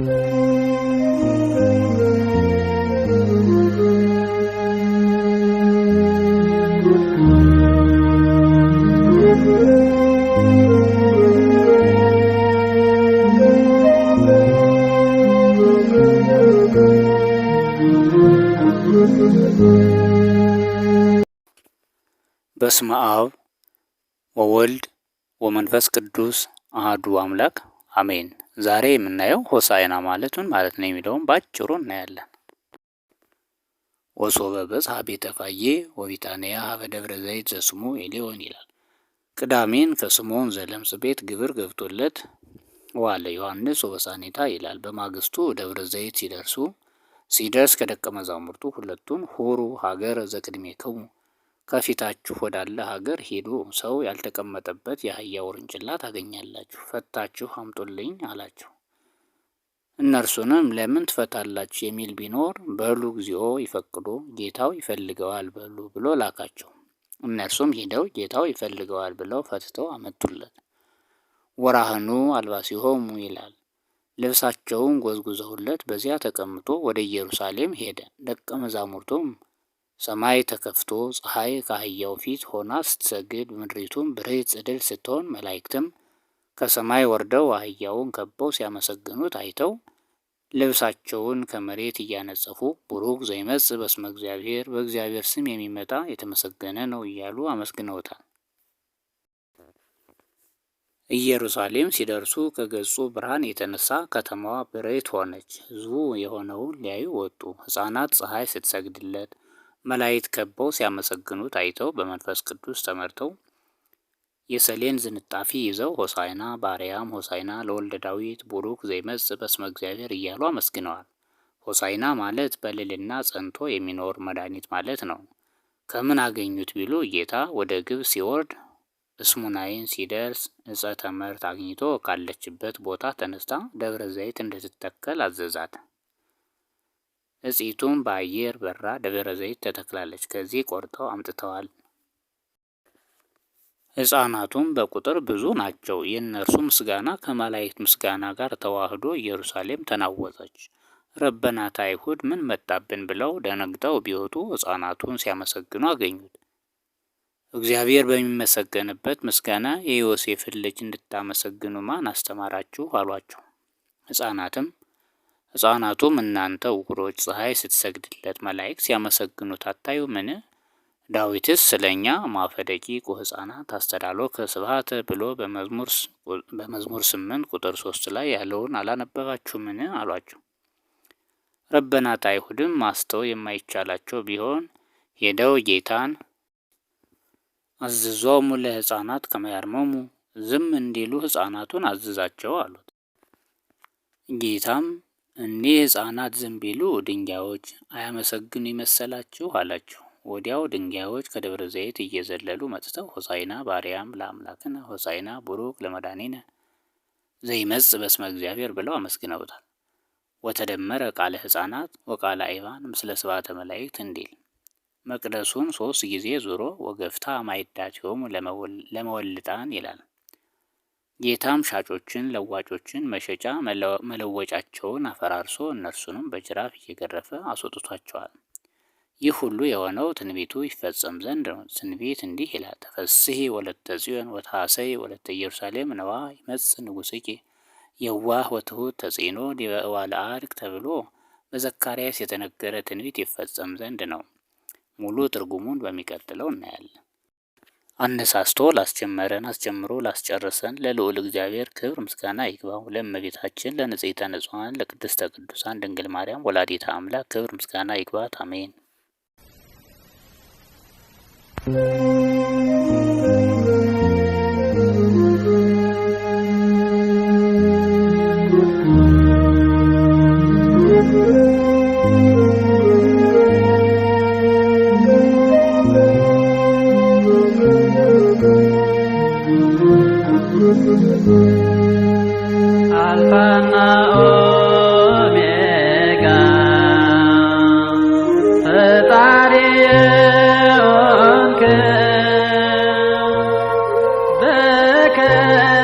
በስመ አብ ወወልድ ወመንፈስ ቅዱስ አህዱ አምላክ አሜን። ዛሬ የምናየው ሆሳዕና ማለቱን ማለት ነው የሚለውን ባጭሩ እናያለን። ወሶበ በበዝ ቤተ ፋጌ ወቢታንያ ሀበ ደብረ ዘይት ዘስሙ ኤሊዮን ይላል። ቅዳሜን ከስምዖን ዘለምጽ ቤት ግብር ገብቶለት ዋለ። ዮሐንስ ወበሳኔታ ይላል። በማግስቱ ደብረ ዘይት ሲደርሱ ሲደርስ ከደቀ መዛሙርቱ ሁለቱን ሆሩ ሀገር ዘቅድሜ ክሙ ከፊታችሁ ወዳለ ሀገር ሂዱ፣ ሰው ያልተቀመጠበት የአህያ ውርንጭላ ታገኛላችሁ፣ ፈታችሁ አምጡልኝ አላቸው። እነርሱንም ለምን ትፈታላችሁ የሚል ቢኖር በሉ እግዚኦ ይፈቅዶ ጌታው ይፈልገዋል በሉ ብሎ ላካቸው። እነርሱም ሂደው ጌታው ይፈልገዋል ብለው ፈትተው አመጡለት። ወራህኑ አልባሲሆሙ ይላል። ልብሳቸውን ጎዝጉዘውለት በዚያ ተቀምጦ ወደ ኢየሩሳሌም ሄደ። ደቀ መዛሙርቱም ሰማይ ተከፍቶ ፀሐይ ከአህያው ፊት ሆና ስትሰግድ ምድሪቱም ብርህ ጽድል ስትሆን መላእክትም ከሰማይ ወርደው አህያውን ከበው ሲያመሰግኑት አይተው ልብሳቸውን ከመሬት እያነጸፉ ቡሩክ ዘይመጽ በስመ እግዚአብሔር በእግዚአብሔር ስም የሚመጣ የተመሰገነ ነው እያሉ አመስግነውታል። ኢየሩሳሌም ሲደርሱ ከገጹ ብርሃን የተነሳ ከተማዋ ብሬት ሆነች። ሕዝቡ የሆነውን ሊያዩ ወጡ። ሕፃናት ፀሐይ ስትሰግድለት መላእክት ከበው ሲያመሰግኑት አይተው በመንፈስ ቅዱስ ተመርተው የሰሌን ዝንጣፊ ይዘው ሆሳይና በአርያም ሆሳይና ለወልደ ዳዊት ቡሩክ ዘይመጽእ በስመ እግዚአብሔር እያሉ አመስግነዋል። ሆሳይና ማለት በልልና ጸንቶ የሚኖር መድኃኒት ማለት ነው። ከምን አገኙት ቢሉ ጌታ ወደ ግብ ሲወርድ እስሙናይን ሲደርስ ዕፀ ተምህርት አግኝቶ ካለችበት ቦታ ተነስታ ደብረ ዘይት እንድትተከል አዘዛት። እጽቱም በአየር በራ ደብረ ዘይት ተተክላለች። ከዚህ ቆርጠው አምጥተዋል። ሕፃናቱም በቁጥር ብዙ ናቸው። የእነርሱ ምስጋና ከመላእክት ምስጋና ጋር ተዋህዶ ኢየሩሳሌም ተናወጠች። ረበናት አይሁድ ምን መጣብን ብለው ደነግጠው ቢወጡ ሕፃናቱን ሲያመሰግኑ አገኙት። እግዚአብሔር በሚመሰገንበት ምስጋና የዮሴፍን ልጅ እንድታመሰግኑ ማን አስተማራችሁ? አሏቸው። ሕፃናትም ሕፃናቱም እናንተ ዕውሮች ፀሐይ ስትሰግድለት መላእክት ሲያመሰግኑት ምን ዳዊትስ ስለኛ እኛ ማፈ ደቂቁ ሕፃናት አስተዳሎከ ስብሐተ ብሎ በመዝሙር ስምንት ቁጥር ሶስት ላይ ያለውን አላነበባችሁ ምን አሏቸው። ረበናት አይሁድም ማስተው የማይቻላቸው ቢሆን ሄደው ጌታን አዝዞሙ ለሕፃናት ከመያርመሙ ዝም እንዲሉ ሕፃናቱን አዝዛቸው አሉት። ጌታም እኒህ ሕፃናት ዝም ቢሉ ድንጋዮች አያመሰግኑ ይመሰላችሁ አላቸው። ወዲያው ድንጋዮች ከደብረ ዘይት እየዘለሉ መጥተው ሆሳይና በአርያም ለአምላክነ ሆሳይና ቡሩክ ለመድኃኒነ ዘይመጽ በስመ እግዚአብሔር ብለው አመስግነውታል። ወተደመረ ቃለ ሕፃናት ወቃለ አይባን ምስለ ስብሐተ መላእክት እንዲል መቅደሱን ሶስት ጊዜ ዙሮ ወገፍታ ማይዳቸውም ለመወልጣን ይላል። ጌታም ሻጮችን፣ ለዋጮችን መሸጫ መለወጫቸውን አፈራርሶ እነርሱንም በጅራፍ እየገረፈ አስወጥቷቸዋል። ይህ ሁሉ የሆነው ትንቢቱ ይፈጸም ዘንድ ነው። ትንቢት እንዲህ ይላል፣ ተፈስሒ ወለተ ጽዮን ወታሰይ ወለተ ኢየሩሳሌም ነዋ ይመጽእ ንጉሥኪ የዋህ ወትሑት ተጽዕኖ ዲበ ዋለአድግ ተብሎ በዘካርያስ የተነገረ ትንቢት ይፈጸም ዘንድ ነው። ሙሉ ትርጉሙን በሚቀጥለው እናያለን። አነሳስቶ ላስጀመረን አስጀምሮ ላስጨረሰን ለልዑል እግዚአብሔር ክብር ምስጋና ይግባው። ለእመቤታችን ለንጽሕተ ንጹሐን ለቅድስተ ቅዱሳን ድንግል ማርያም ወላዲተ አምላክ ክብር ምስጋና ይግባት። አሜን። Yeah.